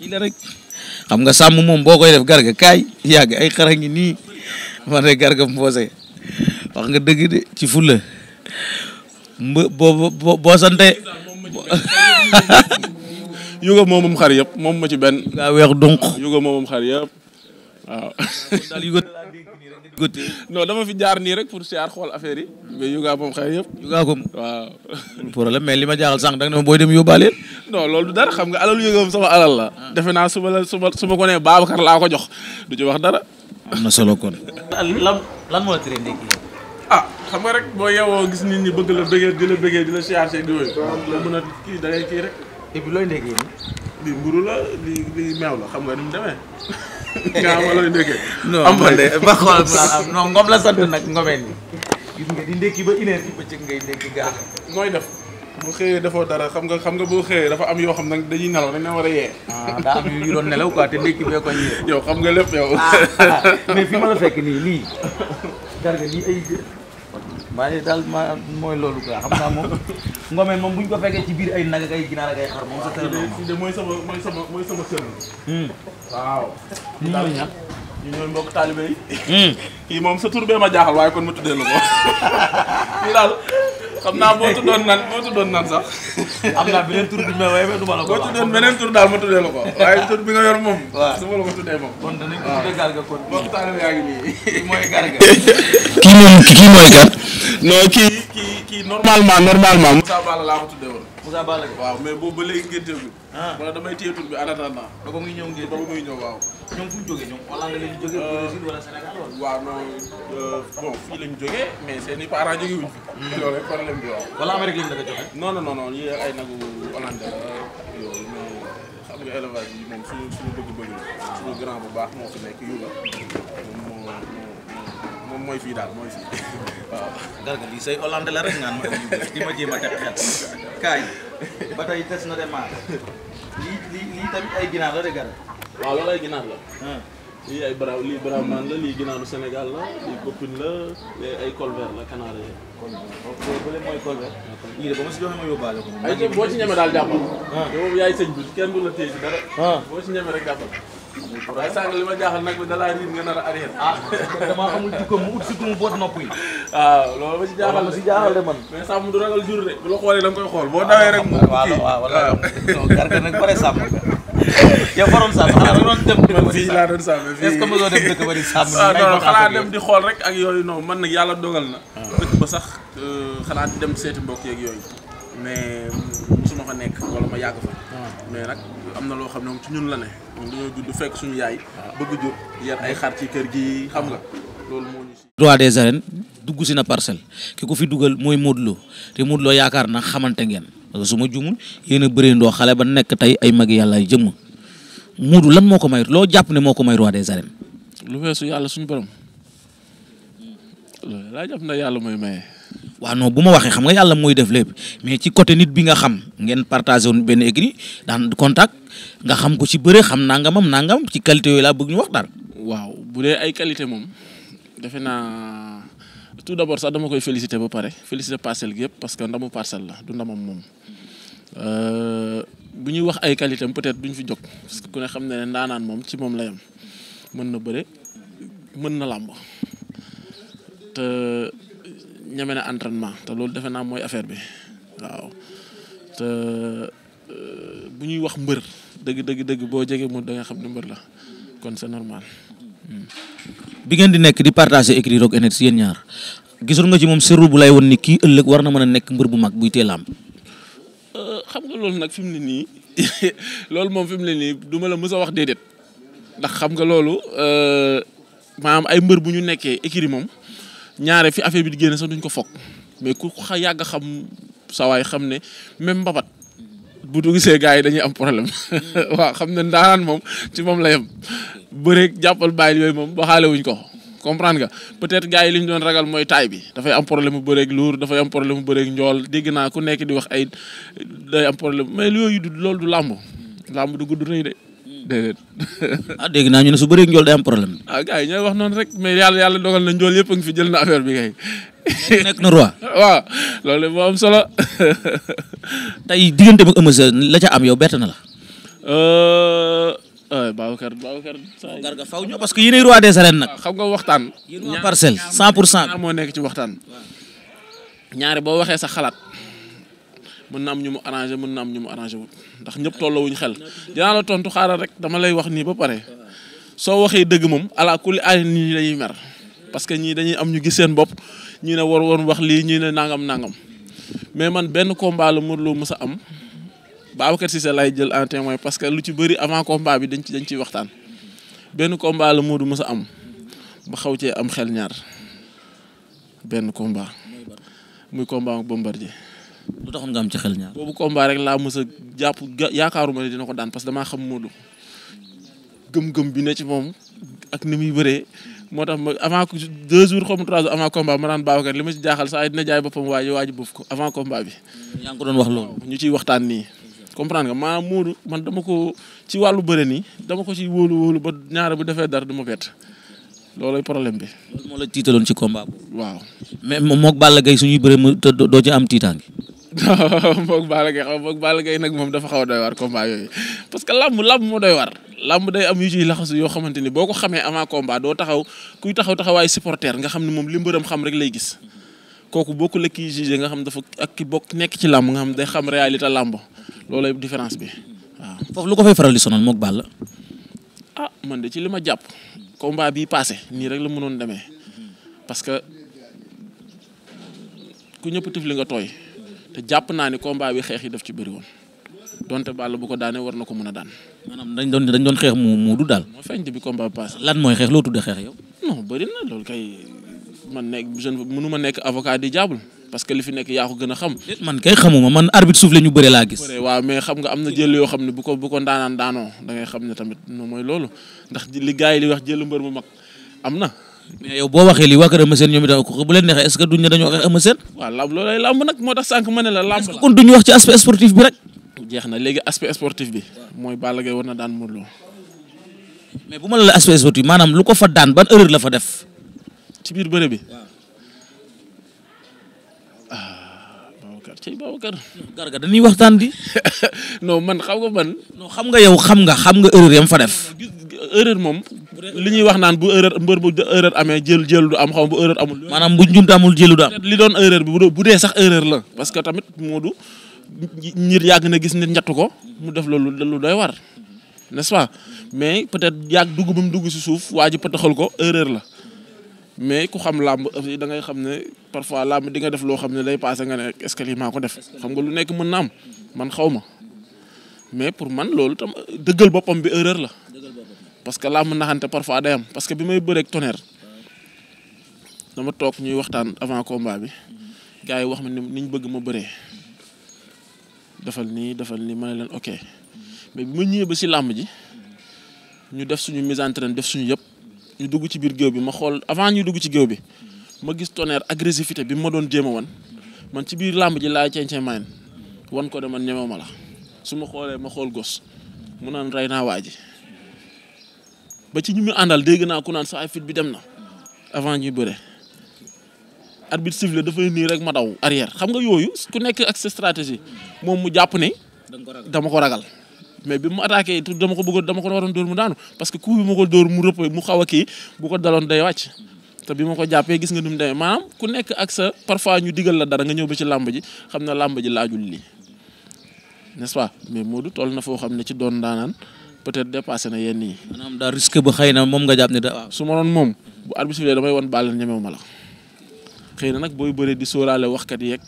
kii la rek xam nga sàmm moom boo koy def garga kaay yàgg ay xara ngi nii man de garga mboose wax nga dëgg de ci fulla mba boo boo boo sante xar yëpp moom ma ci benn. daa weex donc. yuga moomum xar yëpp waaw. daal fi jaar nii rek pour siyaar xool affaire yi. mais yuga xar yëpp. yuga ko waaw. problème mais li ma jaaxal sànq da nga ne ma booy dem yóbbaale. non loolu du dara xam nga alal yëngam sama alal la. Ah. defe naa su ma la suma konee su laa ko jox du ci wax dara. am na solo kon. Ah, lan moo la tëree ah, xam nga rek boo yeewoo gis nit ñi bëgg la bëggee di la di la chargé di yooyu. a kii da ngay kii rek. et puis looy ndékkee nii. mburu la li meew la xam nga ni mu demee. nga xam nga looy ndékkee. ba xool non la sant nag ngomeen ni gis nga di ndékki ba ci ngay ndékki gaal mooy def. bu xëyee defoo dara xam nga xam nga boo xëyee dafa am yoo xam nag dañuy nelaw dañ na war a yee. ah daa am yu ñu doon nelaw ko ñëwee. xam nga lépp yow. Ah, ah, ah. mais fi ma la fekk nii lii. garga lii ay. waaye daal ma mooy loolu quoi xam naa moom ngomeen moom bu ko fekkee ci biir ay nag ay ginaar ak ay xar moom sa mooy sama mooy sama mooy sama kër hmm. waaw. ñu ñooy ñan ñu ñooy mbokk taalibe hmm. moom sa tur bee ma jaaxal waaye kon ma tuddee la ko. kii daal. xam naa boo tuddoon nan boo tuddoon nan sax. am naa beneen tur bi ñu may waaye du ma la ko. boo tuddoon beneen tur daal ma tuddee la ko. waaye tur bi nga yor moom. waaw su ma la ko tuddee moom. kon danañ ko tuddee Garga kon. moom taalib yaa ngi nii mooy Garga. kii moom kii mooy kan. non kii kii kii normalement normalement. Moussa Balla laa ko tuddee woon. Moussa Balla waaw mais boobu ba léegi ngénte bi. Ah. wala damay téye tur bi en attendant. ba ba muy ñëw ngénte ba ba muy ñëw waaw. ñoom fu ñu jógee ñoom Hollande la ñu jógee euh, Brésil wala Sénégal wala. waaw non euh, bon fii la ñu mais seen i parents jóge wuñ fi. Hmm. loolu problème bi waaw. wala Amérique lañ la ko joxe. non non non yii ay nagu Hollande la yooyu mais suñu suñu bëgg la suñu grand bu baax moo fi nekk yu la moom mooy fii daal mooy fii waaw. garga lii say Hollande la rek naan ma di ma a ba tey tes na de lii lii tamit ay ginaar la de garab. waaw loolay ginaar la. Ah. lii ay bra lii brahman la lii ginaaru Sénégal la lii copine la lii ay colvert la canard yi. colvert bële mooy colvert. Ah, de ba ma si joxe ma yóbbaale ko. ay boo ci ah. yaay sëñ bi kenn du la téye ci dara. boo ci ñeme li ma jaaxal nag bi da laa nga nar a arrière. ah damaa xamul jikko mu ut si mu boot nopp yi. waaw loolu ma si jaaxal ma si jaaxal de man. mais sàmm du ragal jur de. bu la xoolee da nga koy xool boo dawee rek. mu kii waaw waaw yow borom sàmm xanaa da doon dem dëkk ba di laa doon sàmm fii est-ce que mosoo dem dëkk ah, dem di xool rek ak yooyu noonu man nag yàlla dogal na ah. dëkk ba sax euh, xanaa dem seeti mbokk yeeg yooyu mais ma fa nekk wala ma yàgg fa ah. mais nag am na loo xam ne ci ñun la ne ñun dañoo judd fekk suñu yaay bëgg jur yar ay xar ci kër gi xam nga loolu moo ñu si roi des arènes dugg si na parcelle ki ko fi dugal mooy Modou te Modou yaakaar na xamante ngeen parce que suma ma jumul yéen a ndoo xale ba nekk tey ay mag yàlla jëmm Modou lan moo ko may loo jàpp ne moo ko may roi des arènes. lu weesu yàlla suñu borom loolu laa jàpp na yàlla mooy maye. waaw non bu ma waxee xam nga yàlla mooy def lépp mais ci côté nit bi nga xam ngeen partagé woon benn écrit daan contact nga xam ko ci bëre xam nangamam nangam ci qualité yooyu laa bëgg ñu wax daal. waaw bu dee ay qualité moom defe naa tout d'abord sax dama koy féliciter ba pare féliciter parcelle gi yëpp parce que ndamu parcelle la du ndamam moom euh, bu ñuy wax ay qualité am peut-être duñ fi jóg parce que ku ne xam ne ne ndaanaan moom ci moom la yam mën na bëre mën na làmb te ñeme na entraînement te loolu defe naa mooy affaire bi waaw te euh, bu ñuy wax mbër dëgg dëgg dëgg boo jege moom danga xam ne mbër la kon c'est normal. Hmm. bi ngeen di nekk di partager écrit Rock Énergie yéen ñaar gisul nga ci moom sirru bu lay woon ni ki ëllëg war na mën a nekk mbër bu mag buy teel am. Euh, xam nga loolu nag fi mu ne nii loolu moom fi mu ne nii du la mës wax déedéet ndax xam nga loolu euh, maanaam ay mbër bu ñu nekkee écurie moom ñaare fi affaire bi di génne sax duñ ko foog mais ku xa yàgg xam sawaay xam ne même mbabat bu du gisee gars yi dañuy am problème waaw xam ne ndaanaan moom ci moom la yem bëreeg jàppal bàyyi yooyu moom waxaale wuñ ko. comprendre nga peut-être gars yi li ñu doon ragal mooy taay bi dafay am problème mu bëreeg luur dafay am problème mu bëreeg njool dégg naa ku nekk di wax ay day am problème mais du loolu du làmb làmb du gudd rëy de déedéet. Ah, dégg naa ñu ne su bëreeg njool day am problème. ah yi ñooy wax noonu rek mais yàlla yàlla dogal na njool yëpp a ngi fi jël na affaire bi kay. nekk na roi. waaw loolu moo am solo. tey diggante bu ëmb la am yow bett na la. Euh, Euh, Babacar Babacar. Garga faw parce que yéenay roi des arènes nag. xam nga waxtaan. ñaar parcelle 100 pour cent. amoo moo nekk ci waxtaan. ñaari boo waxee sa xalaat. mën na am ñu mu arrangé mun na am ñu mu arrangé wut ndax ñëpp tolloowuñ xel dinaa la tontu xaaral rek dama lay wax nii ba pare soo waxee dëgg moom ala kulli aay ñi mer parce que ñii dañuy am ñu gis seen bopp ñii ne war woon wax lii ñii ne nangam nangam mais man benn combat la Modou Lo mës a am Babacar Cissé lay jël en témoin parce que lu ci bëri avant combat bi dañ ci dañ ciy waxtaan benn combat la Modou mës a am ba xaw cee am xel ñaar benn combat muy combat ba Bombardier lu taxoon nga xel ñaar. boobu combat laa mës a jàpp yaakaaruma ne dina ko daan parce que damaa xam Modou gëm-gëm bi ne ci moom ak ni muy bëree moo tax ma avant deux jours xaw ma trois jours avant combat ma naan ci jaaxal saa dina jaay boppam waaye waaji boof ko avant combat bi. ngi ko doon wax loolu. ñu ciy waxtaan nii. comprendre nga maanaam Modou man dama ko ci wàllu bëre nii dama ko ci wóolu wóolu ba ñaara bu defee dara du ma bett loolooy problème bi. loolu moo la tiitaloon ci combat bi. waaw mais moog Balla Gaye suñuy bëre mu doo ci am tiitaange. moog Balla Gaye xaw moog Balla moom dafa xaw a doy waar combat yooyu parce que làmb làmb moo doy waar. làmb day am yu ciy yoo xamante ni boo ko xamee avant combat doo taxaw kuy taxaw taxawaayu supporter nga xam ne moom li mbëram xam rek lay gis kooku bokku la kii jugé nga xam dafa ak ki bokk nekk ci làmb nga xam day xam réalité làmb loolu différence bi waaw. foofu lu ko fay faral di sonal moog Balla. ah man de ci li ma jàpp. combat bii passé nii rek la mënoon demee parce que ku ñëpp tif li nga tooy te jàpp naa ni combat bi xeex yi def ci bëri woon donte Balla bu ko daanee war na ko mën a daan. maanaam dañ doon dañ doon xeex mu mu du daal. moo feeñ bi combat bi passé. lan mooy xeex loo tuddee xeex yow. non bëri na loolu kay man nekk jeune mënu ma nekk avocat yi jaabul. parce que li fi nekk yaa ko gën a xam. man kay xamuma man arbitre suuf la ñu bëre laa gis. waaw mais xam nga am na jël yoo xam ne bu ko bu ko ndaanaan xam ne tamit moom mooy loolu ndax li gars yi li wax jël mbër na. boo waxee lii waa kër Eumeu Sène ñoom itam ko bu leen neexee est-ce que duñ ne ma mooy Balla Gaye war na mais bu ma la la aspect sportif maanaam lu ko fa daan ban erreur la fa def. ci biir bëre bi. ci Babacar. Garga dañuy waxtaan di. non man xam nga man. non xam nga yow xam nga xam nga erreur yam fa def. erreur moom. li ñuy wax naan bu erreur mbër bu erreur amee jël jël du am xam bu erreur amul. maanaam bu njuumte amul jëlu du li doon erreur bi bu dee sax erreur la. parce que tamit Modou nit yàgg na gis nit ñattu ko mu def loolu lu doy war n'est-ce pas mais peut-être yàgg dugg ba mu dugg si suuf waa ji pëtaxal ko erreur la. mais ku xam làmb aussi da ngay xam ne parfois làmb di nga def loo xam ne day passé nga ne est que lii maa ko def xam nga lu nekk mën na man xawma mais pour man loolu tam dëggal boppam bi erreur la parce que làmb naxante parfois day am parce que bi may bëreeg tonnerre dama toog ñuy waxtaan avant combat bi gars yi wax ma ni ñu bëgg ma bëree defal nii defal nii ma ne leen ok mais bi ma ñëwee ba si làmb ji ñu def suñu mise en train def suñu yëpp. ñu dugg ci biir géew bi ma xool avant ñuy dugg ci géew bi ma gis tonnerre agressivité bi ma doon jéem wan man ci biir làmb ji laay ceeñcee mayen wan ko de man ñemew ma la su ma xoolee ma xool gos mu naan rey naa waa ji ba ci ñu mu àndal dégg naa ku naan sa ay fit bi dem na avant ñuy bëre arbitre sifflé dafay nii rek ma daw arrière xam nga yooyu ku nekk ak sa stratégie moom mu jàpp ne dama ko ragal mais bi mu attaqué dama ko bëggoon dama ko waroon dóor mu daanu parce que coup bi ma ko dóor mu rëpp mu xaw a kii bu ko daloon day wàcc te bi ma ko jàppee gis nga nu mu demee maanaam ku nekk ak sa parfois ñu digal la dara nga ñëw ba ci làmb ji xam ne làmb ji laajul lii n'est-ce pas mais Modou toll na foo xam ne ci doon daanaan peut-être dépassé na yenn yi. maanaam daal risque bu xëy na moom nga jàpp ne da. waaw su ma doon moom bu arbitre bi damay won bàll ñemewu ma la xëy na nag booy bëree di sóoraale waxkat yeeg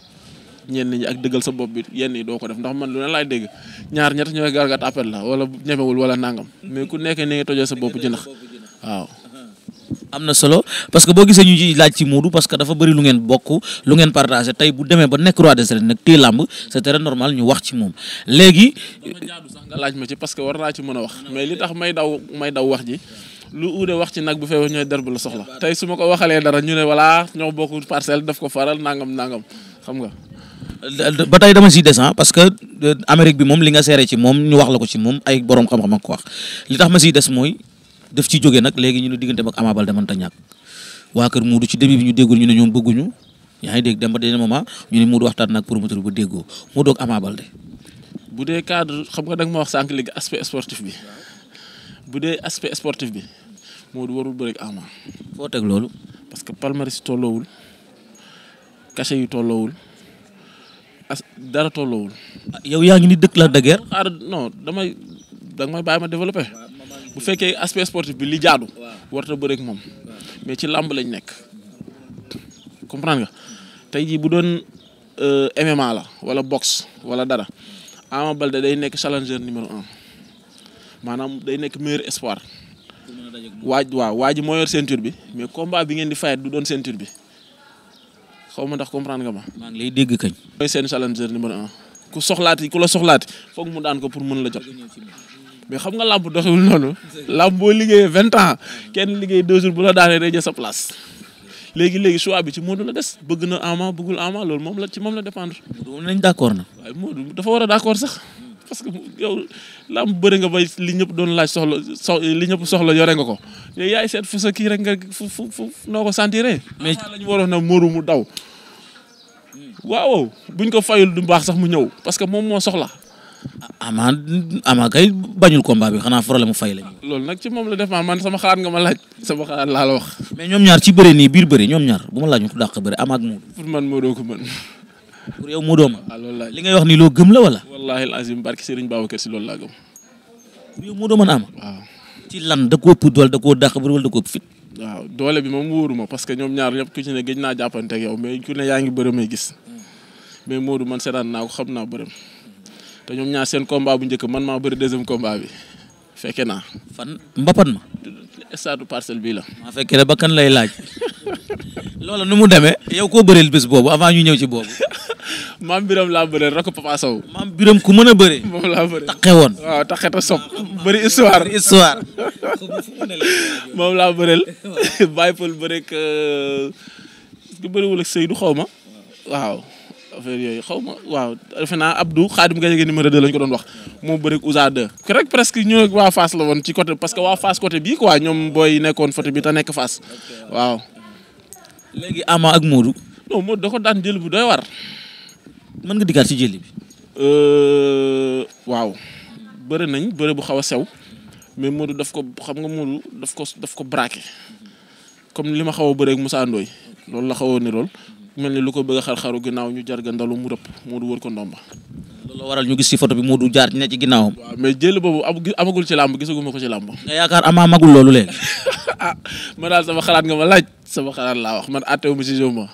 ñenn ñi ak dëggal sa bopp bi yenn yi doo ko def ndax man lu ne laay dégg ñaar ñett ñooy gargat appel la wala ñemewul wala nangam mais ku nekk ni nga tojee sa bopp jënax waaw am na solo parce que boo gisee ñu ci laaj ci Modou parce que dafa bëri lu ngeen bokk lu partagé tey bu demee ba nekk roi des arènes nag téye làmb c'est très normal ñu wax ci moom léegi sax nga laaj ma ci parce que war naa ci mën a wax mais li tax may daw may daw wax ji lu uude wax ci nag bu feebar ñooy derb la soxla tey su ma ko waxalee dara ñu ne voilà ñoo bokk parcelle daf ko faral nangam nangam xam nga ba tey dama si descend ah, parce que euh, Amérique bi moom li nga seere ci moom ñu wax la ko ci moom ay borom xam-xam ak ko wax li tax ma siy des mooy daf ci jóge nag léegi ñu ne diggante ak Ama Baldé mënta ñàkk waa Kër Moodu ci début bi ñu déggul ñu ne ñoom bëgguñu yaa ngi dégg dem ba dinañ moment ñu ne Moodu waxtaan nag promoteur bu déggoo Moodu ak Ama Baldé. bu dee cadre xam nga da ma wax sànq léegi aspect sportif bi bu dee aspect sportif bi Moodu warul bëri Ama. foo teg loolu. parce que palmarès tolloowul cachet yu tolloowul. as dara tolloowul. yow yaa ngi ni dëkk la de guerre. xaar damay danga may bàyyi ma développé bu fekkee aspect sportif bi li jaadu. warta bëre ak moom. mais ci làmb lañ nekk. comprendre nga tey jii bu doon euh, MMA la wala box wala dara Ama Baldé day nekk challenger numéro un maanaam day nekk meilleur espoir. waaj waaw waa waaj moo yor bi mais combat bi ngeen di fayat du doon ceinture bi. xaw ma ndax comprendre nga ma. maa ngi lay dégg kañ. mooy seen ku soxlaati ku la soxlaati foog mu daan ko pour mën la jot mais xam nga làmb doxewul noonu. làmb boo liggéeyee vingt ans kenn liggéey deux jours bu la daanee day sa place. léegi léegi choix bi ci Modou la des bëgg na Ama bëggul Ama loolu moom la ci moom la dépendre. dafa war a d'accord sax. parce que yow làmb bëri nga bay li ñëpp doon laaj soxla so li ñëpp soxla yore nga ko mais yaay seet fu sa kii rek nga fu fu fu noo ko sentiree. mais ah, la ñu waroon na moru mu daw. waaw buñ ko fayul du baax sax mu ñëw parce que moom moo soxla. ama ama kay bañul combat bi xanaa problème mu fay la ñu. loolu nag ci moom la def ma ah, man sama xalaat nga ma laaj. sama xalaat laa la wax. mais ñoom ñaar ci bëre nii biir bëre ñoom ñaar bu ma laajoon ku dàq bëre ama ak Modou. pour man Modou ko mën. Ah, li ngay wax nii loo gëm wallaahi al azim barki Serigne Babacar si loolu laa gëm. yow moo doon mën a am. waaw ci lan da koo ëpp doole da koo dàq doole bi moom wóoruma parce que ñoom ñaar ñëpp ku ci mais ku ne yaa ngi bërëm may gis mais Modou man ñaar seen combat bu man maa bëri deuxième combat bi fekke naa. fan mbapat ma. stade parcelle la. maa fekkee ne ba kan lay laaj. loola nu mu demee. yow koo bëril bés boobu avant ñu ñëw ci boobu. maam biram la bëre rek papa Sow. biram ku mën a bëre. moom laa bëre taqe histoire histoire. moom laa bëreel bàyyi pël bëreeg euh, ku bëriwul ak Seydou xaw ma waaw. affaire yooyu xaw ma waaw defe naa Abdou Khadim Gadiaga numéro 2 lañ ko doon wax moo bëri ak Ousa 2. rek presque ñoo waa Fass la woon ci côté parce que waa Fass côté bii waa ñoom booy nekkoon photo bi ta nekk Fass waaw. léegi Ama ak Modou. non Modou da ko daan jël bu doy war. mën nga dikkaat si jëli bi. Euh, waaw bëri nañ bëri bu xaw a sew mais Modou daf ko xam nga Modou daf ko daf ko braqué comme li ma xaw a bëree ak Moussa Ndoye loolu la xaw a nirool mel ni lu ko bëgg a xar-xaru ginnaaw ñu jar gandalu mu rëpp Modou wër ko ndomba. loolu waral ñu gis ci foto bi Modou jaar ne ci ginnaawam. mais jël boobu amagul ci làmb gisaguma ko ci làmb. nga yaakaar amaa magul loolu léegi. ah ma daal sama xalaat nga ma laaj sama xalaat laa wax man àttewu ma ci ma.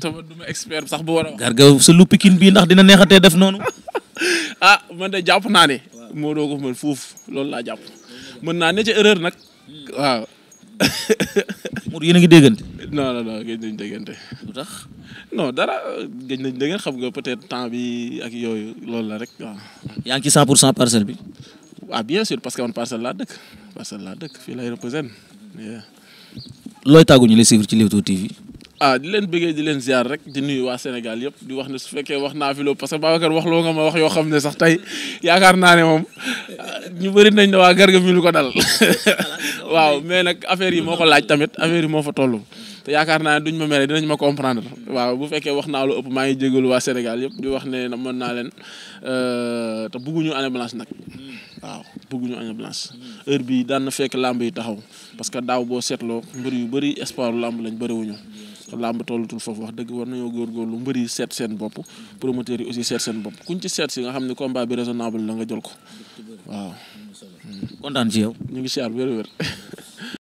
te man du sax bu war a wax. Garga sa lu pikin bii ndax dina neexatee def noonu. ah man de jàpp naa ne. moo doo ko mën foofu loolu laa jàpp. mën naa ne ci erreur nag. waaw. Mour yéen a ngi déggante. non non non gëj nañ dara gëj nañ déggante xam nga peut-être temps bi ak yooyu loolu la rek waaw. yaa ngi ci 100 pour cent parcelle bi. ah bien sûr parce que man parcelle laa dëkk parcelle laa dëkk fii lay représente. looy tàgguñu li suivre ci Leewtoo TV. ah di leen bëggee di leen ziar rek di nuyu waa Sénégal yëpp di wax ne su fekkee wax naa fi loo parce que Babacar wax loo nga ma wax yoo xam ne sax tey yaakaar naa ne moom ah, ñu bëri nañ ne waa Garga mi lu ko dal waaw mais nag affaire yi moo ko laaj tamit affaire yi moo fa toll. te naa ne duñ ma mere dinañ ma comprendre waaw bu fekkee wax naa lu ëpp maa ngi jégalu waa Sénégal yëpp di wax ne mën naa leen euh, te bugguñu année blanche nag waaw bugguñu a blanche heure bi daan na fekk lamb yi taxaw parce que daaw boo seetloo mbër yu bëri espoir lamb lañ bëriwuñu làmb tollatul foofu wax dëgg war nañoo góorgóorlu mbër yi seet seen bopp promoteurs yi aussi seet seen bopp kuñ ci seet si nga xam ne combat bi raisonnable la nga jël ko waaw. kontaan ci yow. ñu ngi siyaar wér-wér.